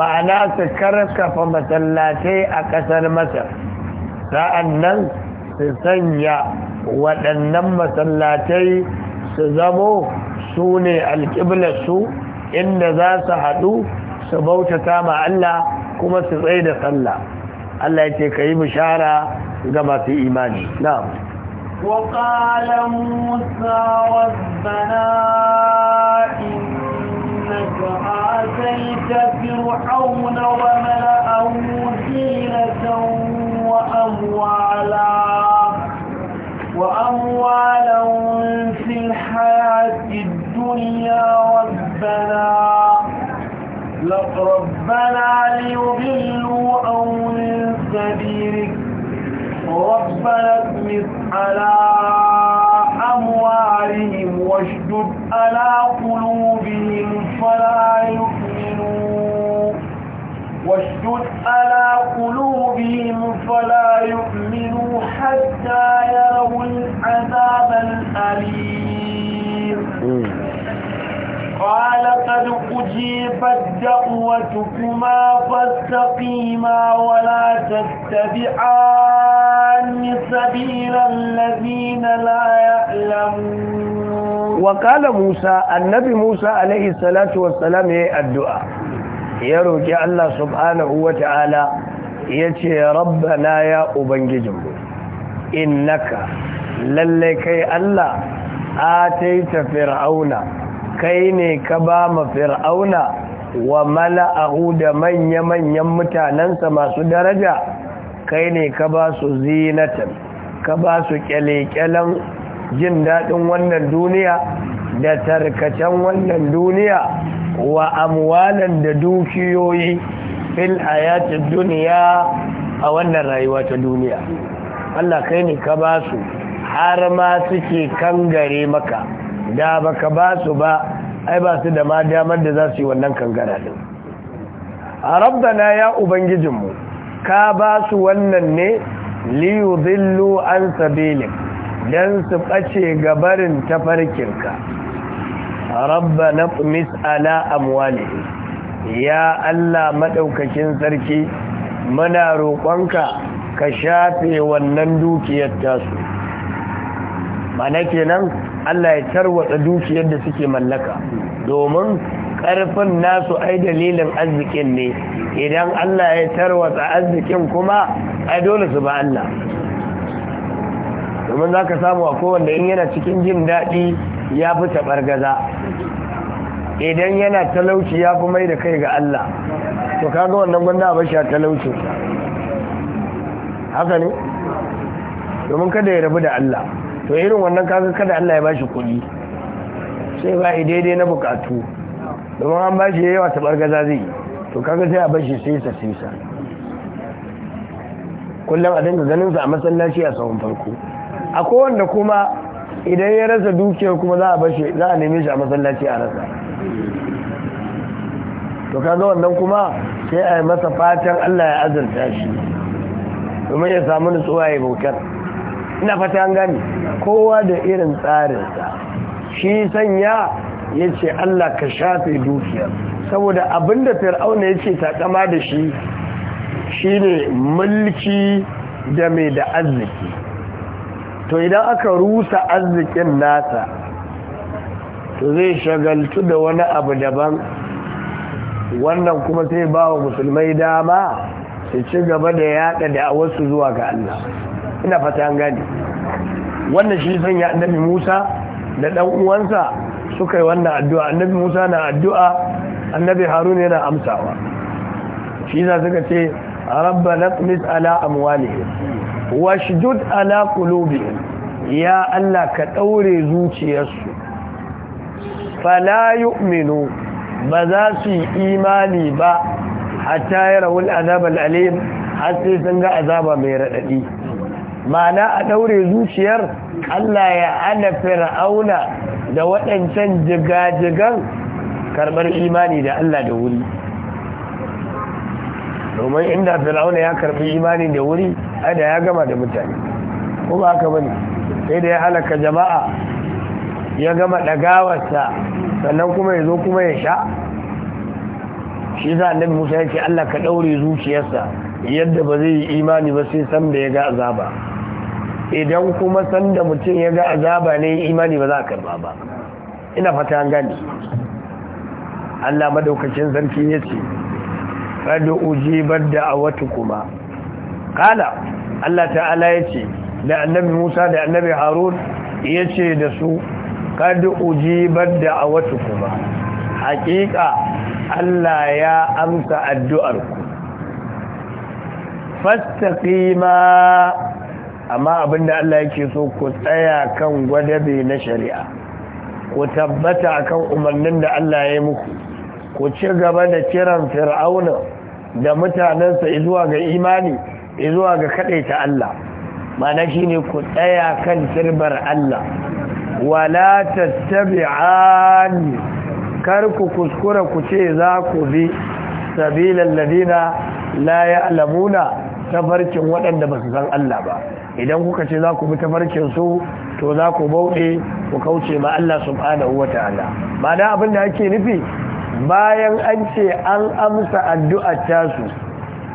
ma'ana su karkafa masallatai a ƙasar masar sa'an nan su sanya waɗannan masallatai su zamo su ne su, inda za su haɗu su bautata ma Allah kuma su tsaye da sallah Allah ya ce ka yi bishara ga masu imani na'am وقال موسى ربنا إنك آتيت فرعون وملأه زينة وأموالا وأموالا في الحياة الدنيا ربنا ربنا ليضلوا أو من سبيلك ربنا اثمس على أموالهم واشدد على قلوبهم فلا يؤمنوا واشدد على قلوبهم فلا يؤمنوا حتى يروا العذاب الأليم قال قد أجيبت دعوتكما فاستقيما ولا تتبعا يتبعن سبيل الذين لا يعلمون وقال موسى النبي موسى عليه الصلاة والسلام هي الدعاء يروجي الله سبحانه وتعالى يتي ربنا يا أبنججم إنك للكي الله آتيت فرعون كيني كبام فرعون wa mala'ahu da manya-manyan mutanensa masu daraja kai ne ka ba su zinatan ka ba su kyale-kyalen jin daɗin wannan duniya da tarkacen wannan duniya wa amwalan da dukiyoyi fil hayatid duniya a wannan rayuwa ta duniya Allah kai ne ka ba su har ma suke kangare maka da baka ba su ba ai ba su da ma damar da za su yi wannan kangara din a rabbana ya ubangijinmu ka ba su wannan ne zillu an sabilin don su ɓace gabarin tafarkinka Rabba qmis ala amwali ya Allah maɗaukakin sarki muna roƙonka ka shafe wannan dukiyar tasu mana kenan Allah ya tarwatsa dukiyar da suke mallaka domin ƙarfin nasu ai dalilin arzikin ne idan Allah ya tarwatsa arzikin kuma ai dole su ba Allah domin za ka samu a kowanne in yana cikin jin daɗi ya fi gaza idan yana talauci ya fi mai da kai ga Allah to kaga wannan gwanda a bashi a talauci haka ne domin kada ya rabu da Allah to irin wannan kaga kada Allah ya bashi kuɗi sai ba daidai na bukatu domin an bashi yawa gaza zai yi to kaga sai a bashi sai ta kullum a dinga ganin sa a masallaci a sahun farko akwai wanda kuma idan ya rasa dukiyar kuma za a shi za a neme shi a masallaci a rasa to kaga wannan kuma sai a yi masa fatan Allah ya azurta shi domin ya samu nutsuwa ya bautar ina fata an gani kowa da irin tsarinsa shi sanya ya ce Allah ka shafe dukiyar saboda abinda fir'auna ya yake takama da shi shine mulki da mai da arziki to idan aka rusa arzikin nasa to zai shagaltu da wani abu daban wannan kuma sai ba wa musulmai dama su ci gaba da yada da wasu zuwa ga Allah ina fata gani wannan shi sanya annabi Musa da ɗan'uwansa uwansa suka yi wannan addu'a annabi Musa na addu'a annabi harun yana amsawa shi za suka ce rabba naqmis ala amwalihim washdud ala qulubihim ya Allah ka daure zuciyarsu fala yu'minu ba za su yi imani ba hatta yarawul azab al-alim har sai sun ga azaba mai raɗaɗi. ma'ana a ɗaure zuciyar Allah ya ana fir'auna da waɗancan jiga jigajigan karɓar imani da Allah da wuri domin inda fir'auna ya karɓi imani da wuri ada ya gama da mutane kuma haka bane sai da ya halaka jama'a ya gama ɗagawarsa sannan kuma ya zo kuma ya sha shi za annabi musa ya ce allah ka ɗaure zuciyarsa yadda ba zai yi imani ba sai san da ya ga azaba idan kuma san da mutum ya ga azaba ne imani ba za a karba ba ina fata an gani Allah madaukakin sarki da a ujibat kuma. Kala, Allah ta'ala yace da annabi Musa da annabi Harun yace da su a ujibat kuma. haqiqa Allah ya amsa addu'arku fastaqima amma abinda Allah yake so ku tsaya kan gwadabe na shari'a ku tabbata akan umarnin da Allah ya yi muku ku ci gaba da kiran fir'auna da mutanensa zuwa ga imani zuwa ga ta Allah mana shine ku tsaya kan kirbar Allah wala tattabi'ani kar ku kuskura ku ce za ku bi sabilan ladina la ya'lamuna tafarkin waɗanda ba su san Allah ba idan kuka ce za ku bi tafarkin su to za ku bauɗe ku kauce ma Allah subhanahu wataala mana abin da ake nufi bayan an ce an amsa ta tasu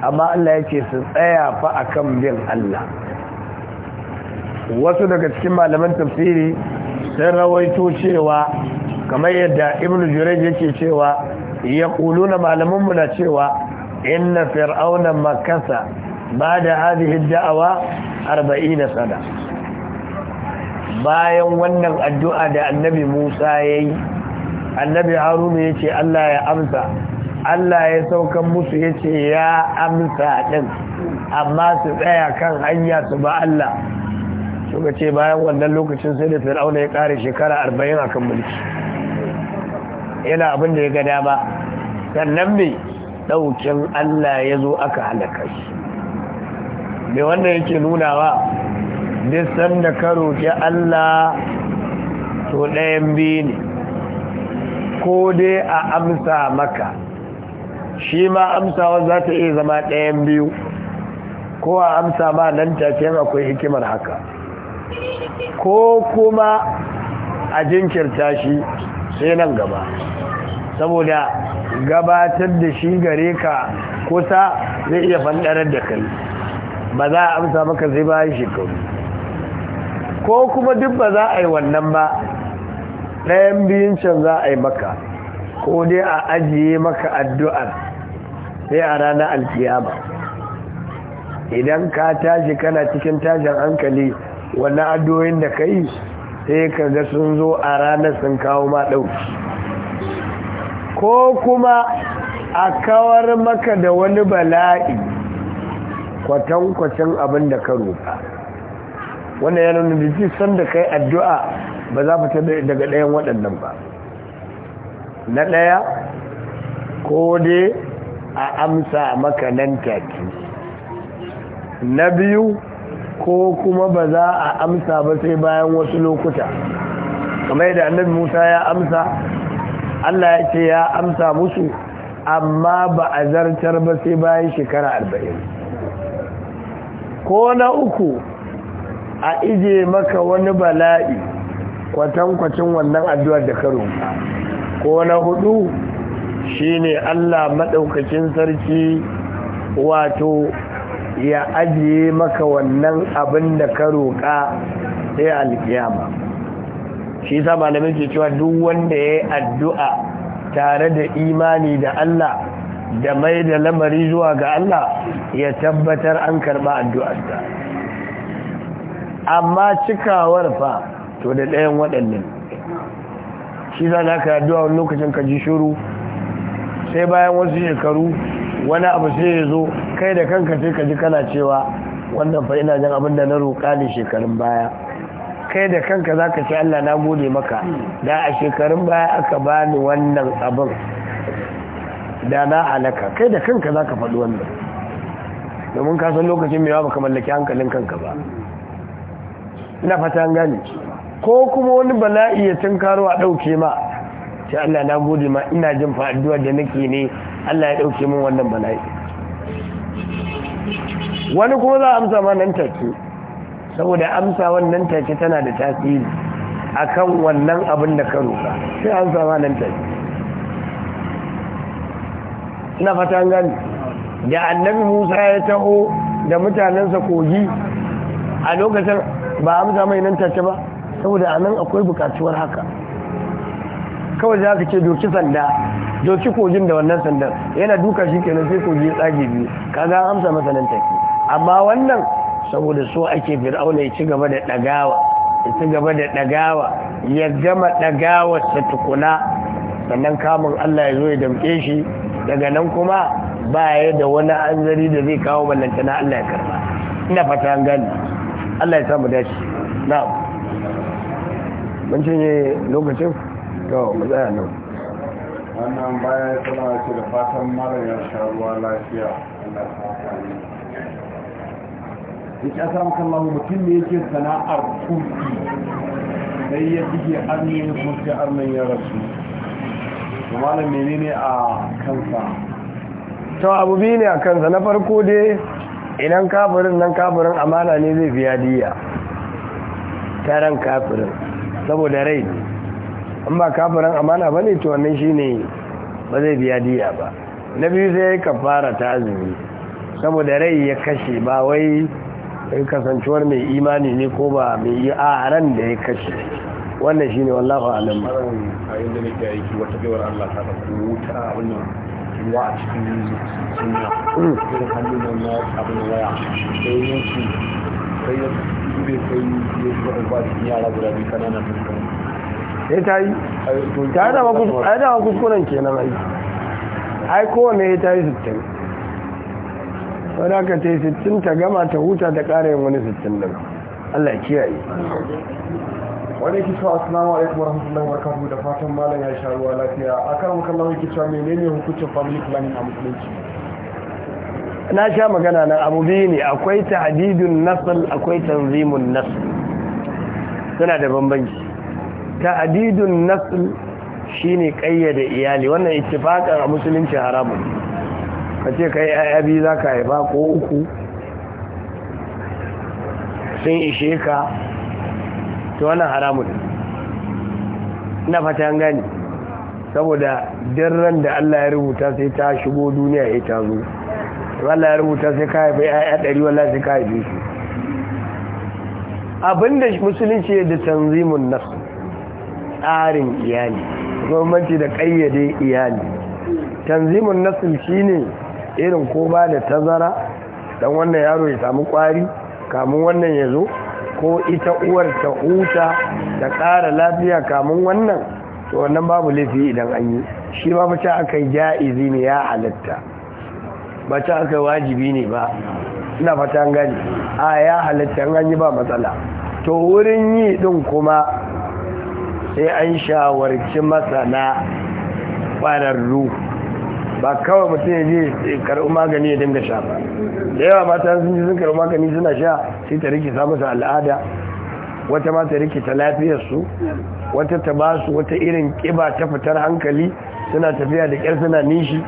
amma Allah ya ce su tsaya fa a kan bin Allah wasu daga cikin malaman tafsiri sun rawaito cewa kamar yadda ibnu jurayj yake cewa ya kuluna malaman mu na cewa inna fir'auna makasa bada hadhihi da'awa 40 sana bayan wannan addu'a da annabi Musa yayi annabi haruna ya ce allah ya amsa allah ya saukan musu ya ce ya amsa ɗin amma su tsaya kan hanya su ba allah suka ce bayan wannan lokacin sai da fir'auna ya ƙare shekara arba'in a kan mulki yana abin da ya ga ba sannan mai ɗaukin allah ya zo aka halaka shi mai wanda yake nunawa duk sanda karo ya allah to ɗayan biyu ne ko dai a amsa maka shi ma amsawa za ta iya zama ɗayan biyu ko a amsa ma nan take akwai hikimar haka ko kuma a jinkirta shi sai nan gaba saboda gabatar da shi gare ka kusa zai iya fandarar da kai ba za a amsa maka zai bayan shekaru ko kuma duk ba za a yi wannan ba ɗayan biyun can za a yi maka ko dai a ajiye maka addu'ar sai a ranar alkiyama idan ka tashi kana cikin tashin hankali wannan addu'o'in da ka yi sai ka ga sun zo a ranar sun kawo ma ɗauki ko kuma a kawar maka da wani bala'i kwatankwacin abin da ka roƙa wannan jisan nuna sanda kai addu'a ba za mu fita daga ɗayan waɗannan ba na ɗaya ko dai a amsa maka nan take na biyu ko kuma ba za a amsa ba sai bayan wasu lokuta kamar da annabi musa ya amsa allah ya ce ya amsa musu amma ba a zartar ba sai bayan shekara arba'in ko na uku a ije maka wani bala'i kwatankwacin wannan addu'ar da karo ko na hudu ne Allah maɗaukacin sarki wato ya ajiye maka wannan abin da ka roƙa sai alkiyama shi sa malamin mace cewa duk wanda ya yi addu'a tare da imani da Allah da mai da lamari zuwa ga Allah ya tabbatar an karɓa addu'arsa amma cikawar fa to da ɗayan waɗannan shi za na ka yaduwa wani lokacin ka ji shuru sai bayan wasu shekaru wani abu sai ya zo kai da kanka sai ka ji kana cewa wannan fa ina jan abin da na roƙa ne shekarun baya kai da kanka za ka ce allah na gode maka da a shekarun baya aka bani wannan abin da na alaka kai da kanka za ka faɗi wannan domin kasan lokacin mai ba ka mallaki hankalin kanka ba ina fata gani ko kuma wani bala'i ya tunkaro a ɗauke ma sai Allah na gode ma ina jin fa da nake ne Allah ya ɗauke min wannan bala'i wani kuma za a amsa ma nan take saboda amsa wannan take tana da tasiri kan wannan abin da ka sai amsa ma nan take ina fata gani da annabi Musa ya taho da mutanensa kogi a lokacin ba amsa mai nan take ba saboda a nan akwai bukatuwar haka kawai za ka ce doki sanda doki kogin da wannan sandan yana duka shi kenan sai kogi ya tsage biyu kaga amsa masa nan take amma wannan saboda so ake fir'auna ya ci gaba da dagawa ya ci gaba da dagawa ya gama dagawa sa tukuna sannan kamun Allah ya zo ya damke shi daga nan kuma ba ya da wani anzari da zai kawo ballanta na Allah ya karba ina fata an gani Allah ya samu dashi na'am mun cinye lokacin to mu tsaya nan wannan bayan suna ce da fatan mara ya sha ruwa lafiya Allah ta kare yake asalamu mutum ne yake sana'ar kurki sai ya dige arniyar kurki arniyar ya rasu kuma da menene a kansa to abu biyu ne a kansa na farko dai idan kafirin nan kafirin amana ne zai biya diya taron kafirin saboda rai ne an ba kafiran amana ba ne to shi ne ba zai biya diya ba na biyu sai ya yi kafara ta azumi saboda rai ya kashe ba wai ya kasancewar mai imani ne ko ba mai yi a ran da ya kashe wannan shi ne wallahu alam a yadda nake aiki wata gawar allah ta da wuta a wannan ruwa a cikin suna mm. irin hannun na abin waya da yanki sai ya sai ya ba yara guda biyu kananan ya eh, ta yi yi dama kuskuren kenan ai ai kowane ya ta yi sittin Wani aka ta yi sittin ta gama ta huta ta ƙara yin wani sittin daga allah kiyaye wani kisa asalamu alaikum warahmatullahi wabarakatuh da fatan malam ya sha ruwa lafiya akan makallawa kisa menene hukuncin family planning a musulunci na sha magana na abu biyu ne akwai hadidun nasal akwai tanzimun nasal suna da bambanci nasal shi shine kayyade iyali wannan ittifaqan a musulunci haramu kace kai ayyabi biyu zaka haifa ko uku sun ishe ka ta wannan haramun ina fata gani saboda dirran da Allah ya rubuta sai ta shigo duniya ita eh, zo Allah ya rubuta sai ka haifi ya'ya ɗari wallah sai ka haifi abinda musulunci da tanzimun nas tsarin iyali gwamnati da ƙayyade iyali tanzimun nasul shine irin ko ba da tazara dan wannan yaro ya samu kwari kamun wannan ya zo ko ita uwar ta huta ta ƙara lafiya kamun wannan to wannan babu laifi idan an yi shi ba mace aka yi ja'izi ne ya halatta ba ta aka wajibi ne ba ina fata gani a ya halitta an yi ba matsala to wurin yi din kuma sai an shawarci masana ƙwararru ba kawai mutum ya je karɓi magani ya dinga sha ba da yawa mata sun ji sun karɓi magani suna sha sai ta rike samu sa al'ada wata ma ta rike ta lafiyarsu wata ta ba su wata irin ƙiba ta fitar hankali suna tafiya da ƙyar suna nishi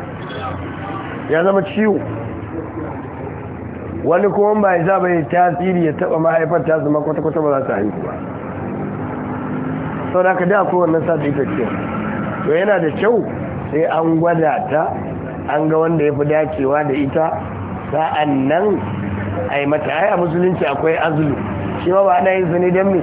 ya zama ciwo wani kuma ba ya zaba ya tasiri ya taba mahaifar ta ma kwata-kwata ba za su haifu ba sau da ka da ko wannan sa defectin to yana da kyau sai an gwada ta an ga wanda ya fi dacewa da ita sa'an nan a yi mata ai a musulunci akwai azulu shi ma ba ana yin su ne don me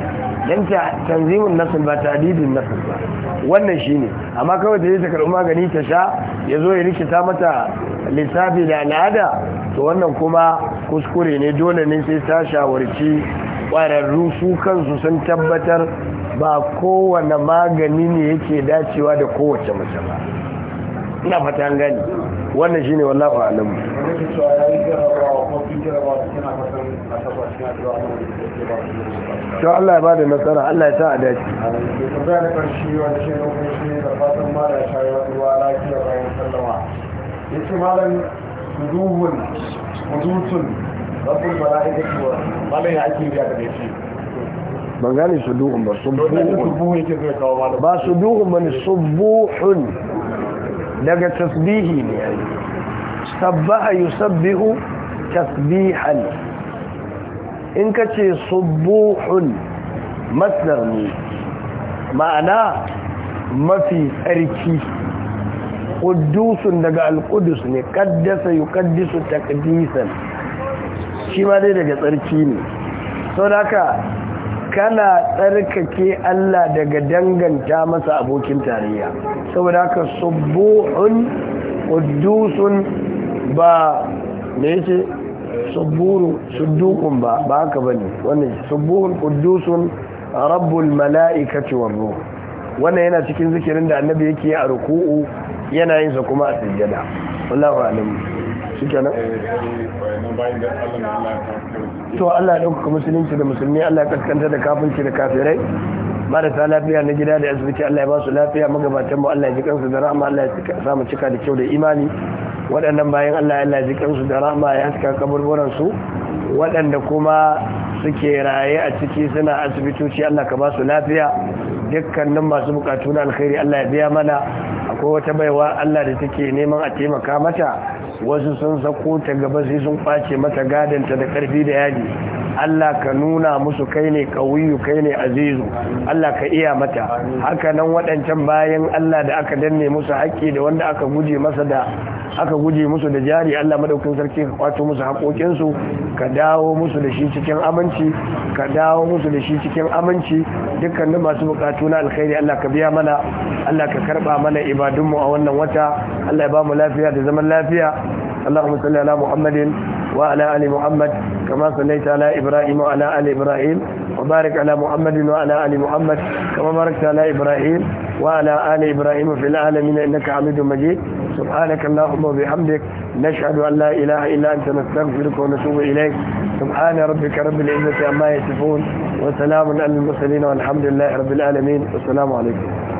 don ta tanzimin nasul ba ta adidin nasul ba wannan shi ne amma kawai da yi ta karɓi magani ta sha ya zo ya rikita mata lissafi da al'ada to wannan kuma kuskure ne dole ne sai ta shawarci ƙwararru su kansu sun tabbatar ba kowane magani ne yake dacewa da kowace mace ba ina fata gani wannan shine wallahi alamu to Allah ya bada nasara Allah ya sa a dace da karshe wanda shi ne da fatan mara shayarwa lafiya bayan sallama يتمالن مدوهن مدوهن رب البلائد ما لن يعيشن بيها بيشي من قال صدوهن بس صدوهن من صبوحن لقى تصبيهن يعني صبح يصبه تصبيحا إن كتي صبوح مثل ما معناه ما في أريكيه Kudusun daga alƙudus ne kaddasa yi ƙaddisu taƙadisan shi ma dai daga tsarki ne sau da haka kana tsarkake Allah daga danganta masa abokin tarayya saboda haka subuhun ƙudusun ba da yake suburu ba ba haka ba ne wannan subuhun ƙudusun rabbul mala'ikaci wannan yana cikin zikirin da annabi yake a ruku'u Yanayin yin sa kuma a sujjada wallahu alim nan? to Allah ya dauka musulunci da musulmi Allah ya kaskanta da kafirci da kafirai marasa lafiya na gida da asibiti Allah ya ba su lafiya magabatan mu Allah ya ji kansu da rahama Allah ya samu cika da kyau da imani waɗannan bayan Allah ya ji kansu da rahama ya haska kaburburan su waɗanda kuma suke raye a ciki suna asibitoci Allah ka ba su lafiya dukkanin masu bukatu na alkhairi Allah ya biya mana akwai wata baiwa Allah da take neman a taimaka mata wasu sun sako ta gaba sai sun kwace mata gadanta da karfi da yadi Allah ka nuna musu kai ne kawiyu kai ne azizu Allah ka iya mata haka nan waɗancan bayan Allah da aka danne musu haƙƙi da wanda aka guje masa da aka guje musu da jari Allah madaukin sarki ka kwato musu haƙoƙinsu ka dawo musu da shi cikin aminci ka dawo musu da shi cikin aminci dukkanin masu bukatu na alkhairi Allah ka biya mana Allah ka karba mana ibadunmu a wannan wata Allah ya ba mu lafiya da zaman lafiya اللهم صل على محمد وعلى آل محمد كما صليت على إبراهيم وعلى آل إبراهيم وبارك على محمد وعلى آل محمد كما باركت على إبراهيم وعلى آل إبراهيم في العالمين إنك حميد مجيد سبحانك اللهم وبحمدك نشهد أن لا إله إلا أنت نستغفرك ونتوب إليك سبحان ربك رب العزة عما يصفون وسلام على المرسلين والحمد لله رب العالمين والسلام عليكم